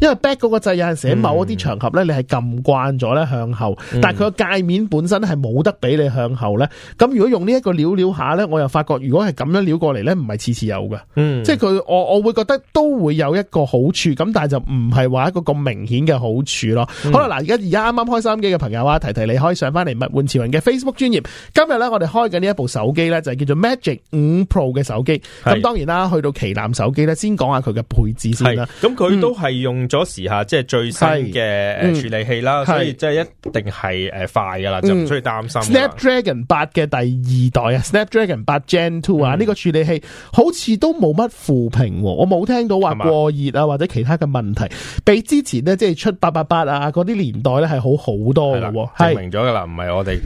Speaker 1: 因為 back 嗰個掣有陣時喺某一啲場合咧，你係撳慣咗咧向後，嗯嗯、但係佢個界面本身係係冇得俾你向後咧。咁如果用呢一個撩撩下咧，我又發覺如果係咁樣撩過嚟咧，唔係次次有㗎。嗯，即係佢我我會覺得都會有一個好處，咁但係就唔係話一個咁明顯嘅好處咯。嗯、好啦，嗱而家而家啱啱開收音機嘅朋友啊，提提你可以上翻嚟物玩潮人嘅 Facebook 專頁。今日咧我哋開緊呢一部手機咧，就係叫做 Magic 5 Pro 嘅手機。咁是當然啦，去到旗艦手機咧，先講下佢嘅
Speaker 2: 配置先啦。咁佢都係用、嗯。咗時下即係最新嘅誒處理器啦，所以即係一定係誒快噶啦，就唔需要擔心。
Speaker 1: Snapdragon 八嘅第二代啊，Snapdragon 八 Gen Two 啊，呢個處理器好似都冇乜負評喎。我冇聽到話過熱啊或者其他嘅問題，比之前呢即係出八八八啊嗰啲年代咧係
Speaker 2: 好好多噶，證明咗噶啦，唔係我哋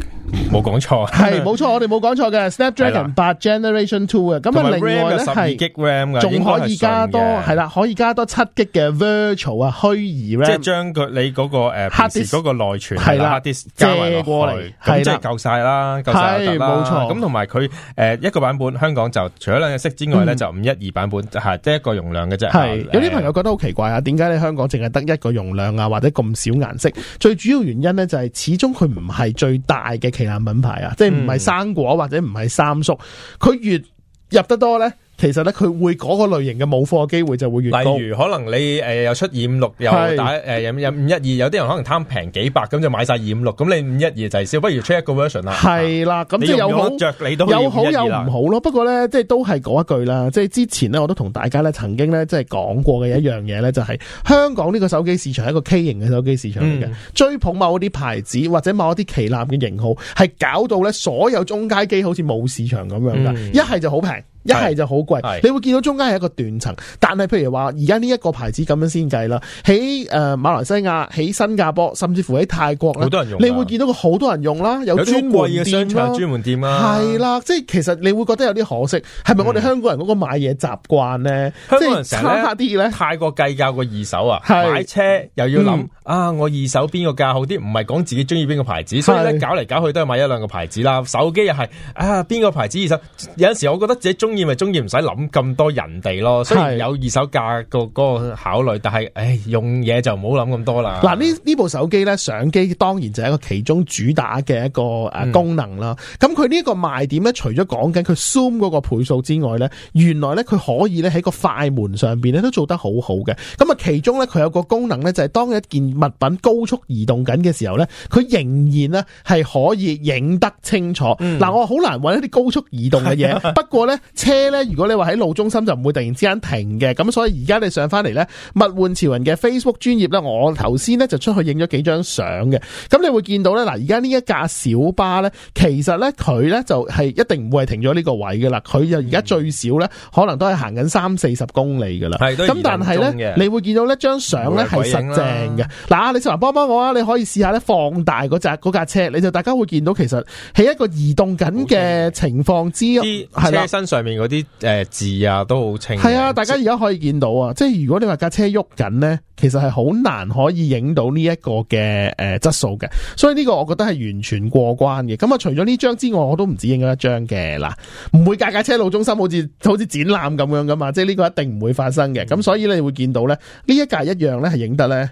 Speaker 2: 冇講錯，係冇錯，我
Speaker 1: 哋冇講錯嘅 Snapdragon 八 Generation Two 嘅，咁啊另外 Ram 係仲可以加多，係啦，可以加多七 G 嘅 Virtual。圖啊，虛擬即係
Speaker 2: 將佢你嗰個誒黑啲嗰個內存係啦，黑啲借過嚟，咁即係夠晒啦，夠晒得啦。咁同埋佢誒一個版本，香港就除咗兩隻色之外咧，就五一二版本係即係一個容量嘅啫。係有啲
Speaker 1: 朋友覺得好奇怪啊，點解你香港淨係得一個容量啊，或者咁少顏色？最主要原因咧就係始終佢唔係最大嘅旗艦品牌啊，即係唔係生果或者唔係三叔，佢越入得多咧。其實咧，佢會嗰個類型嘅冇貨機會就會
Speaker 2: 越高。例如，可能你誒又出二五六，又打誒五一二，有啲人可能貪平幾百咁就買晒二五六。咁你五一二就係少，不如 c h 出一個 version 啦。係啦，咁即係有好有好有唔好
Speaker 1: 咯。不過咧，即係都係嗰一句啦。即係之前咧，我都同大家咧曾經咧即係講過嘅一樣嘢咧，就係、是、香港呢個手機市場係一個 K 型嘅手機市場嚟嘅。嗯、追捧某一啲牌子或者某一啲旗艦嘅型號，係搞到咧所有中階機好似冇市場咁樣噶。一係、嗯、就好平。一係就好貴，對你會見到中間係一個斷層，對但係譬如話而家呢一個牌子咁樣先計啦，喺誒馬來西亞、喺新加坡，甚至乎喺泰國好多，多人用，你會見到好多人用啦，有專櫃嘅商場，專門店啦、啊，係啦，即係其實你會覺得有啲可惜，係咪我哋香港人嗰個買嘢習慣咧？香港人
Speaker 2: 啲嘢咧泰國計較個二手啊，是買車又要諗、嗯、啊，我二手邊個價好啲？唔係講自己中意邊個牌子，是所以咧搞嚟搞去都係買一兩個牌子啦。手機又係啊，邊個牌子二手？有陣時候我覺得自己中。咪中意唔使諗咁多人哋咯，雖然有二手價個嗰個考慮，但係，誒，用嘢就唔好諗咁多啦。嗱，
Speaker 1: 呢呢部手機咧，相機當然就係一個其中主打嘅一個誒功能啦。咁佢呢個賣點咧，除咗講緊佢 zoom 嗰個倍數之外咧，原來咧佢可以咧喺個快門上邊咧都做得好好嘅。咁啊，其中咧佢有個功能咧就係、是、當一件物品高速移動緊嘅時候咧，佢仍然咧係可以影得清楚。嗱、嗯，我好難揾一啲高速移動嘅嘢， 不過咧。車咧，如果你話喺路中心就唔會突然之間停嘅，咁所以而家你上翻嚟咧，物換潮人嘅 Facebook 專頁咧，我頭先咧就出去影咗幾張相嘅，咁你會見到咧，嗱，而家呢一架小巴咧，其實咧佢咧就係一定唔會係停咗呢個位噶啦，佢就而家最少咧，可能都係行緊三四十公里噶啦，咁、嗯、但係咧，你會見到呢張相咧係實正嘅。嗱，你少華幫幫我啊，你可以試下咧放大嗰扎嗰架車，你就大家會見到其實喺一個移動緊嘅情
Speaker 2: 況之，係的車身上。面啲誒字啊都好清，係啊！大家而家
Speaker 1: 可以見到啊，即係如果你話架車喐緊呢，其實係好難可以影到呢一個嘅誒質素嘅，所以呢個我覺得係完全過關嘅。咁啊，除咗呢張之外，我都唔止影咗一張嘅。嗱，唔會架架車路中心好似好似展覽咁樣噶嘛，即係呢個一定唔會發生嘅。咁、嗯、所以你會見到呢，呢一架一樣呢係影得呢。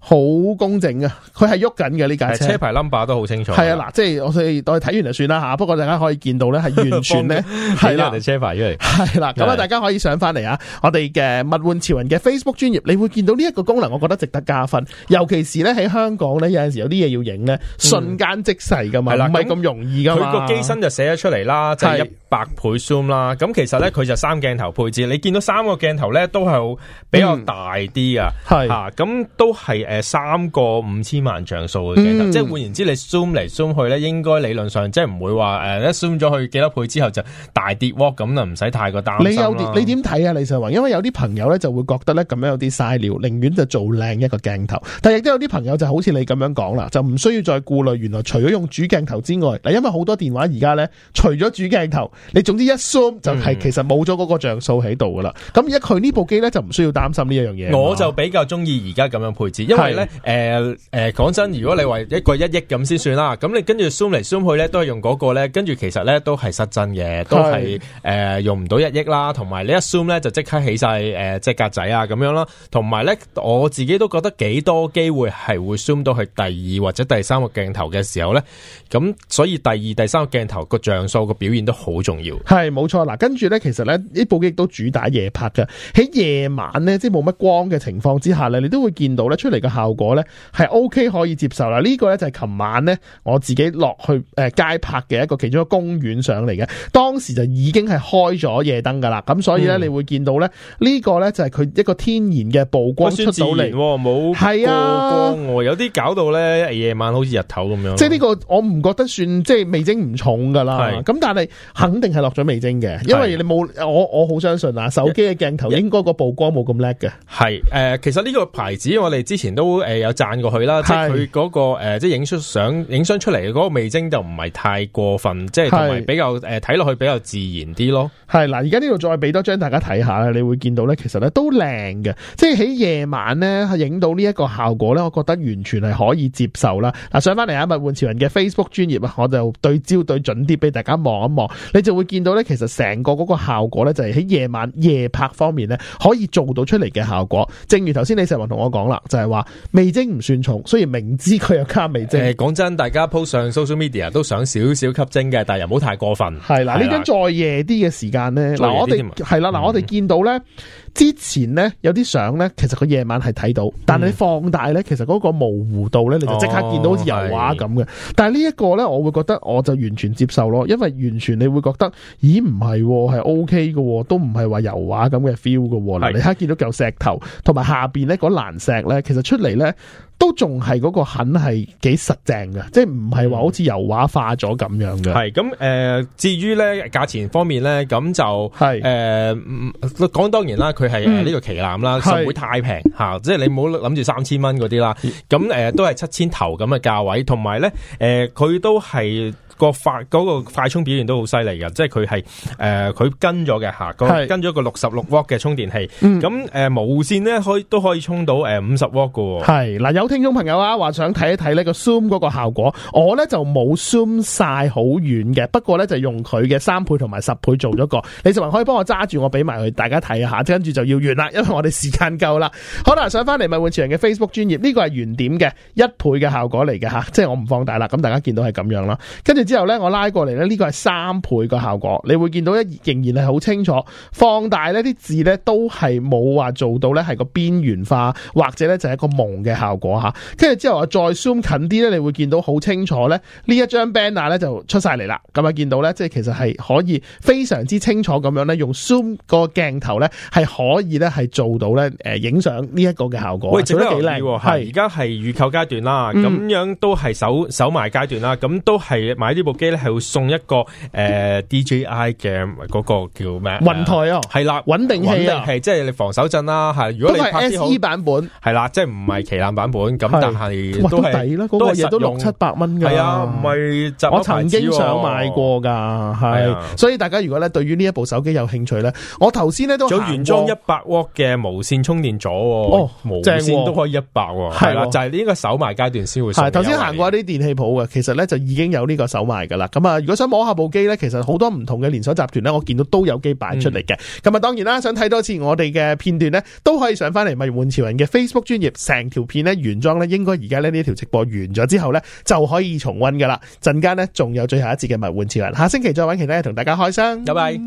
Speaker 1: 好公正啊，佢係喐緊嘅，呢架車，車牌
Speaker 2: number 都好清楚。係啊，嗱，
Speaker 1: 即係我哋睇完就算啦吓。不過大家可以見到咧，係完全咧，係啦，啲
Speaker 2: 車牌出嚟。係啦，咁啊，大
Speaker 1: 家可以上翻嚟啊。我哋嘅物換潮人嘅 Facebook 專頁，你會見到呢一個功能，我覺得值得加分。尤其是咧喺香港咧，有陣時有
Speaker 2: 啲嘢要影咧，瞬間即逝噶嘛，係啦，唔係咁容易噶。佢個機身就寫咗出嚟啦，即係一百倍 zoom 啦。咁其實咧，佢就三鏡頭配置。你見到三個鏡頭咧，都係比較大啲啊，吓咁都係。誒，三個五千萬像素嘅鏡頭，即係換言之，你 zoom 嚟 zoom 去咧，應該理論上即係唔會話誒，一 zoom 咗去幾多倍之後就大跌渦咁啊，唔使太過擔心。你有你
Speaker 1: 點睇啊？李世宏，因為有啲朋友咧就會覺得咧咁樣有啲嘥料，寧願就做靚一個鏡頭。但亦都有啲朋友就好似你咁樣講啦，就唔需要再顧慮。原來除咗用主鏡頭之外，嗱，因為好多電話而家咧，除咗主鏡頭，你總之一 zoom 就係其實冇咗嗰個像素喺度噶啦。咁而家佢呢部機咧就唔需要擔心呢樣嘢。我就
Speaker 2: 比較中意而家咁樣配置，係咧，誒誒講真，如果你話一個一億咁先算啦，咁你、那個、跟住 zoom 嚟 zoom 去咧，都係、呃、用嗰個咧，跟住其實咧都係失真嘅，都係誒用唔到一億啦，同埋你一 zoom 咧就即刻起晒誒即格仔啊咁樣啦，同埋咧我自己都覺得幾多機會係會 zoom 到去第二或者第三個鏡頭嘅時候咧，咁所以第二、第三個鏡頭個像素個表現都好重要。
Speaker 1: 係冇錯嗱，跟住咧，其實咧呢部機都主打夜拍嘅，喺夜晚咧即係冇乜光嘅情況之下咧，你都會見到咧出嚟效果咧係 OK 可以接受啦，這個、呢個咧就係琴晚咧我自己落去誒街拍嘅一個其中一個公園上嚟嘅，當時就已經係開咗夜燈噶啦，咁所以咧、嗯、你會見到咧呢、這個咧就係佢一個天然嘅曝光出到嚟，
Speaker 2: 冇係啊，曝光、啊啊、有啲搞到咧夜晚好似日頭咁樣，即係呢
Speaker 1: 個我唔覺得算即係味精唔重噶啦，咁是但係肯定係落咗味精嘅，是因為你冇我我好相信啊，手機嘅鏡頭應該個曝光冇咁叻嘅，
Speaker 2: 係誒、呃，其實呢個牌子我哋之前。都有讚過去啦，即係佢嗰個是、呃、即係影出相、影相出嚟嗰個味精就唔係太過分，即係同埋比較睇落、呃、去比較自然啲咯。
Speaker 1: 係嗱，而家呢度再俾多張大家睇下啦，你會見到咧，其實咧都靚嘅，即係喺夜晚咧影到呢一個效果咧，我覺得完全係可以接受啦。嗱，上翻嚟物玩潮人嘅 Facebook 專頁啊，我就對焦對準啲俾大家望一望，你就會見到咧，其實成個嗰個效果咧，就係喺夜晚夜拍方面咧，可以做到出嚟嘅效果。正如頭先李石雲同我講啦，就係、是、話。味精唔算重，雖然明知佢有加
Speaker 2: 味精。誒、呃，講真，大家 post 上 social media 都想少少吸精嘅，但係又唔好太過分。係啦，啦間間呢張
Speaker 1: 再夜啲嘅時間咧，嗱，我哋係啦，嗱，我哋見到咧。嗯之前呢，有啲相呢，其實佢夜晚係睇到，但係放大呢，嗯、其實嗰個模糊度呢，你就即刻見到好似油畫咁嘅。哦、但係呢一個呢，我會覺得我就完全接受咯，因為完全你會覺得咦唔係，係 OK 嘅，都唔係話油畫咁嘅 feel 嘅、哦。嗱是，你即刻見到嚿石頭，同埋下邊呢嗰岩石呢，其實出嚟呢。都仲係嗰個肯係幾實淨嘅，即係唔係話好似油畫化咗咁樣嘅。係
Speaker 2: 咁誒，至於咧價錢方面咧，咁就係誒講當然啦，佢係呢個旗艦啦，唔會、嗯、太平吓是、啊，即係你唔好諗住三千蚊嗰啲啦。咁誒、呃、都係七千頭咁嘅價位，同埋咧誒佢都係。個快嗰、那個快充表現都好犀利嘅，即係佢係誒佢跟咗嘅吓，跟咗個六十六 W 嘅充電器，咁誒是、呃、無線咧，可以都可以充到誒五十 W 嘅。係、
Speaker 1: 呃、嗱，有聽眾朋友啊，話想睇一睇呢個 zoom 嗰個效果，我咧就冇 zoom 晒好遠嘅，不過咧就用佢嘅三倍同埋十倍做咗個，李澤文可以幫我揸住，我俾埋佢大家睇下，跟住就要完啦，因為我哋時間夠啦。好啦，上翻嚟咪換前人嘅 Facebook 專頁，呢、這個係原點嘅一倍嘅效果嚟嘅吓，即係我唔放大啦，咁大家見到係咁樣啦，跟住。之後咧，我拉過嚟咧，呢、呢個係三倍嘅效果。你會見到仍然係好清楚，放大呢啲字咧都係冇話做到咧係個邊緣化，或者咧就係一個蒙嘅效果吓。跟住之後啊，再 zoom 近啲咧，你會見到好清楚咧。呢一張 banner 咧就出晒嚟啦。咁啊，見到咧即係其實係可以非常之清楚咁樣咧，用 zoom 個鏡頭咧係可以咧係做到咧誒影相呢一個嘅效果。喂，整得幾靚係，而
Speaker 2: 家係預購階段啦，咁、嗯、樣都係守手埋階段啦，咁都係買。呢部機咧係會送一個誒 DJI 嘅嗰個叫咩？雲台啊，係啦，穩定器啊，係即係你防手震啦，係如果你拍 SE 版本，係啦，即係唔係旗艦版本咁，但係都抵啦，嗰個嘢都六七
Speaker 1: 百蚊嘅，係啊，
Speaker 2: 唔係我曾經想買過噶，係，
Speaker 1: 所以大家如果咧對於呢一部手機有興趣咧，我頭先咧都有原裝一
Speaker 2: 百瓦嘅無線充電座哦，無線都可以一百，係啦，就係呢個手賣階段先會係頭先行
Speaker 1: 過啲電器鋪嘅，其實咧就已經有呢個手。埋噶啦，咁啊，如果想摸下部機呢，其實好多唔同嘅連鎖集團呢，我見到都有機擺出嚟嘅。咁啊、嗯，當然啦，想睇多次我哋嘅片段呢，都可以上翻嚟《物玩潮人》嘅 Facebook 專頁，成條片呢，原裝呢應該而家呢呢條直播完咗之後呢，就可以重溫噶啦。陣間呢，仲有最後一節嘅《物玩潮人》，下星期再揾其他嘢同大家開箱。拜拜 bye。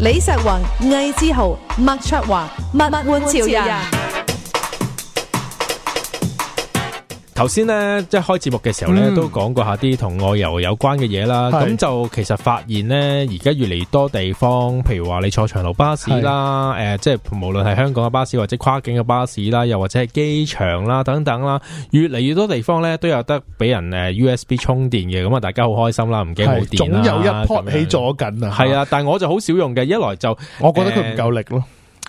Speaker 1: 李石宏、魏志豪、麥卓華、物玩潮人。
Speaker 2: 頭先咧，即係開節目嘅時候咧，都講過下啲同外遊有關嘅嘢啦。咁、嗯、就其實發現咧，而家越嚟越多地方，譬如話你坐長途巴士啦，誒的、呃，即係無論係香港嘅巴士或者跨境嘅巴士啦，又或者係機場啦等等啦，越嚟越多地方咧，都有得俾人誒 USB 充電嘅。咁啊，大家好開心啦，唔驚冇電啦。總有一 p 起咗緊啊！係樣啊，但係我就好少用嘅，一來就我覺得佢唔夠力咯。呃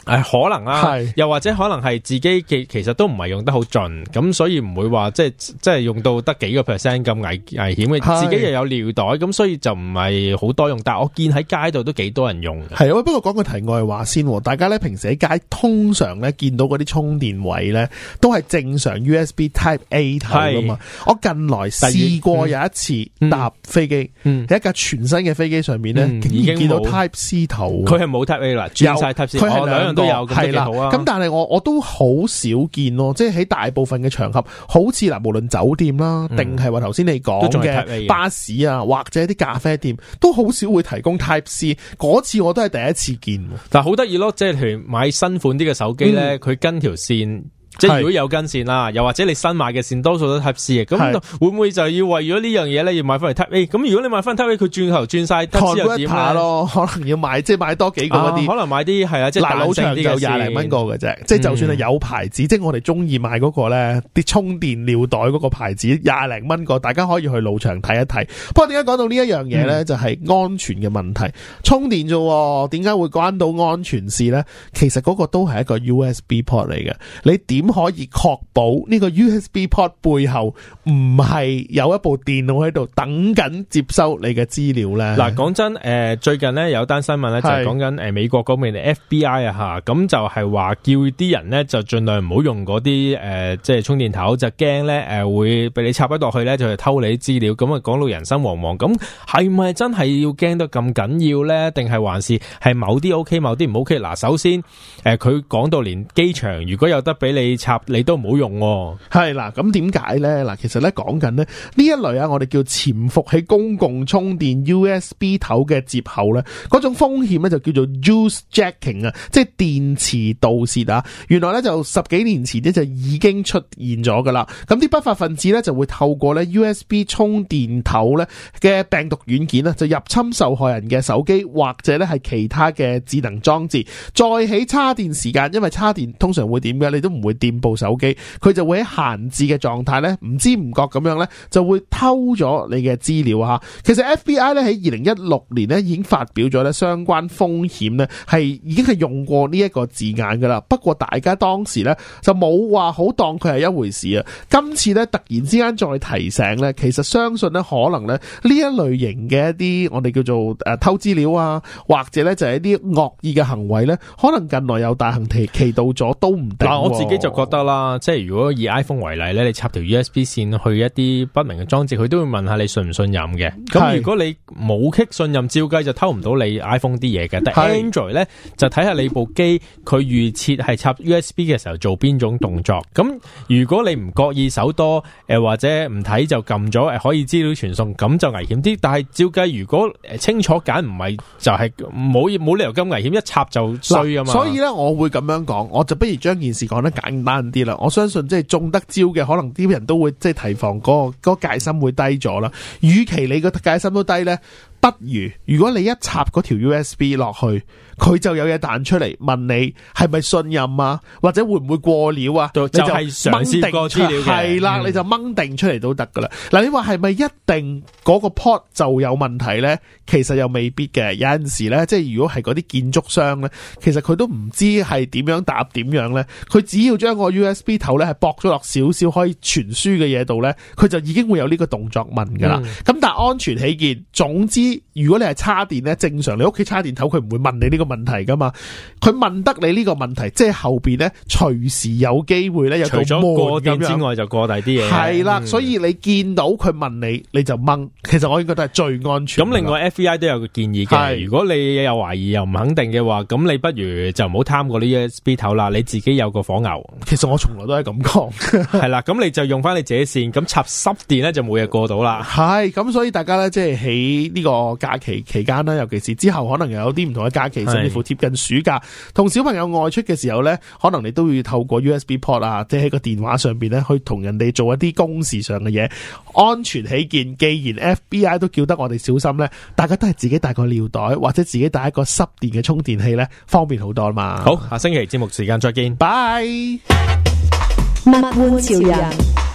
Speaker 2: 哎、可能啦、啊，是又或者可能係自己其其實都唔係用得好盡，咁所以唔會話即係即係用到得幾個 percent 咁危危險嘅，是自己又有尿袋，咁所以就唔係好多用。但係我見喺街度都幾多人用
Speaker 1: 係，我不過講句題外話先，大家咧平時喺街通常咧見到嗰啲充電位咧，都係正常 USB Type A 頭㗎嘛。是我近來試過有一次搭飛機，喺、嗯嗯嗯、一架全新嘅飛機上面咧，已經見到 Type
Speaker 2: C 頭，佢係冇 Type A 啦 Ty，轉晒 Type C 我。係啦，咁
Speaker 1: 但係我我都好少見咯，即係喺大部分嘅場合，好似嗱，無論酒店啦，定係話頭先你講巴士啊，或者啲咖啡店，都好少會提供 type C。嗰次我都係第一次見，
Speaker 2: 但係好得意咯，即係譬如買新款啲嘅手機呢，佢、嗯、跟條線。即係如果有根線啦，又或者你新買嘅線，多數都 Type C 嘅，咁會唔會就要為咗呢樣嘢咧，要買翻嚟 Type A？誒，咁如果你買翻 Type A，佢轉頭轉晒，托一下咯，
Speaker 1: 可能要買，即係買多幾個啲、啊，可能
Speaker 2: 買啲係啊，即係腦場就廿零蚊個
Speaker 1: 嘅啫，即係、嗯、就算係有牌子，即係我哋中意買嗰、那個咧，啲充電尿袋嗰個牌子廿零蚊個，大家可以去腦場睇一睇。不過點解講到呢一樣嘢咧，就係、是、安全嘅問題，充電啫，點解會關到安全事咧？其實嗰個都係一個 U S B port 嚟嘅，你點？點可以確保呢個 USB port 背後唔係有一部電腦喺度等緊接收你嘅資料咧？
Speaker 2: 嗱，講真，誒，最近咧有單新聞咧是就係講緊，誒，美國嗰邊嘅 FBI 啊，吓，咁就係話叫啲人咧就儘量唔好用嗰啲，誒、呃，即係充電頭，就驚咧，誒，會俾你插不落去咧，就是，偷你啲資料。咁啊，講到人心惶惶，咁係咪真係要驚得咁緊要咧？定係還是係某啲 OK，某啲唔 OK？嗱，首先，誒、呃，佢講到連機場如果有得俾你。插你都唔好用係啊啦，咁點解呢？嗱，其實咧講緊呢，呢一類啊，我哋叫潛伏喺公
Speaker 1: 共充電 USB 頭嘅接口呢，嗰種風險咧就叫做 juice jacking 啊，即係電池盜竊啊。原來呢，就十幾年前呢，就已經出現咗噶啦，咁啲不法分子呢，就會透過呢 USB 充電頭呢嘅病毒軟件呢，就入侵受害人嘅手機或者呢係其他嘅智能裝置，再起插電時間，因為插電通常會點嘅，你都唔會。掂部手機，佢就會喺閒置嘅狀態呢，唔知唔覺咁樣呢，就會偷咗你嘅資料。下其實 FBI 呢，喺二零一六年呢已經發表咗呢相關風險呢係已經係用過呢一個字眼㗎喇。不過大家當時呢，就冇話好當佢係一回事啊。今次呢，突然之間再提醒呢，其實相信呢可能呢，呢一類型嘅一啲我哋叫做、啊、偷資料啊，或者呢就係一啲惡意嘅行為呢，可能近來有大行其其，其道咗都唔定。我自己
Speaker 2: 就。覺得啦，即係如果以 iPhone 為例咧，你插條 USB 線去一啲不明嘅裝置，佢都會問下你信唔信任嘅。咁是如果你冇撳信任，照計就偷唔到你 iPhone 啲嘢嘅。但係 Android 咧是就睇下你部機，佢預設係插 USB 嘅時候做邊種動作。咁如果你唔覺意手多，誒、呃、或者唔睇就撳咗，誒、呃、可以資料傳送，咁就危險啲。但係照計如果誒清楚揀唔係，是就係冇冇理由咁危險，一插就衰啊嘛。所以咧
Speaker 1: 我會咁樣講，我就不如將件事講得簡難啲啦，我相信即係中得招嘅，可能啲人都會即係提防嗰個嗰戒心會低咗啦。與其你個戒心都低呢，不如如果你一插嗰條 USB 落去，佢就有嘢彈出嚟問你係咪信任啊，或者會唔會過料來、嗯、了啊？你就掹定資料係啦，你就掹定出嚟都得噶啦。嗱，你話係咪一定嗰個 port 就有問題呢？其實又未必嘅。有陣時呢，即係如果係嗰啲建築商呢，其實佢都唔知係點樣搭點樣呢。佢只要將個 USB 頭呢係駁咗落少少可以傳輸嘅嘢度呢，佢就已經會有呢個動作問噶啦。咁、嗯、但係安全起見，總之如果你係插電呢，正常你屋企插電頭佢唔會問你呢個問題。問題噶嘛？佢問得你呢個問題，即係後邊咧隨時有機會咧有到悶咁樣之外，
Speaker 2: 就過大啲嘢係啦。所
Speaker 1: 以你見到佢問你，你就掹。其實我覺得都係最安全。咁另外
Speaker 2: FBI 都有個建議嘅，如果你有懷疑又唔肯定嘅話，咁你不如就唔好貪過呢一啲頭啦。你自己有個火牛。其實我從來都係咁講，係啦。咁你就用翻你自己線，咁插濕電咧就每日過到啦。
Speaker 1: 係咁，所以大家咧即係喺呢個假期期間咧，尤其是之後可能有啲唔同嘅假期。似乎貼近暑假，同小朋友外出嘅時候呢，可能你都要透過 USB port 啊，即係個電話上邊呢，去同人哋做一啲公事上嘅嘢。安全起見，既然 FBI 都叫得我哋小心呢，大家都係自己帶個尿袋，或者自己帶一個濕電嘅充電器呢，方
Speaker 2: 便好多嘛。好，下星期節目時間再見，拜 Bye。物玩潮人。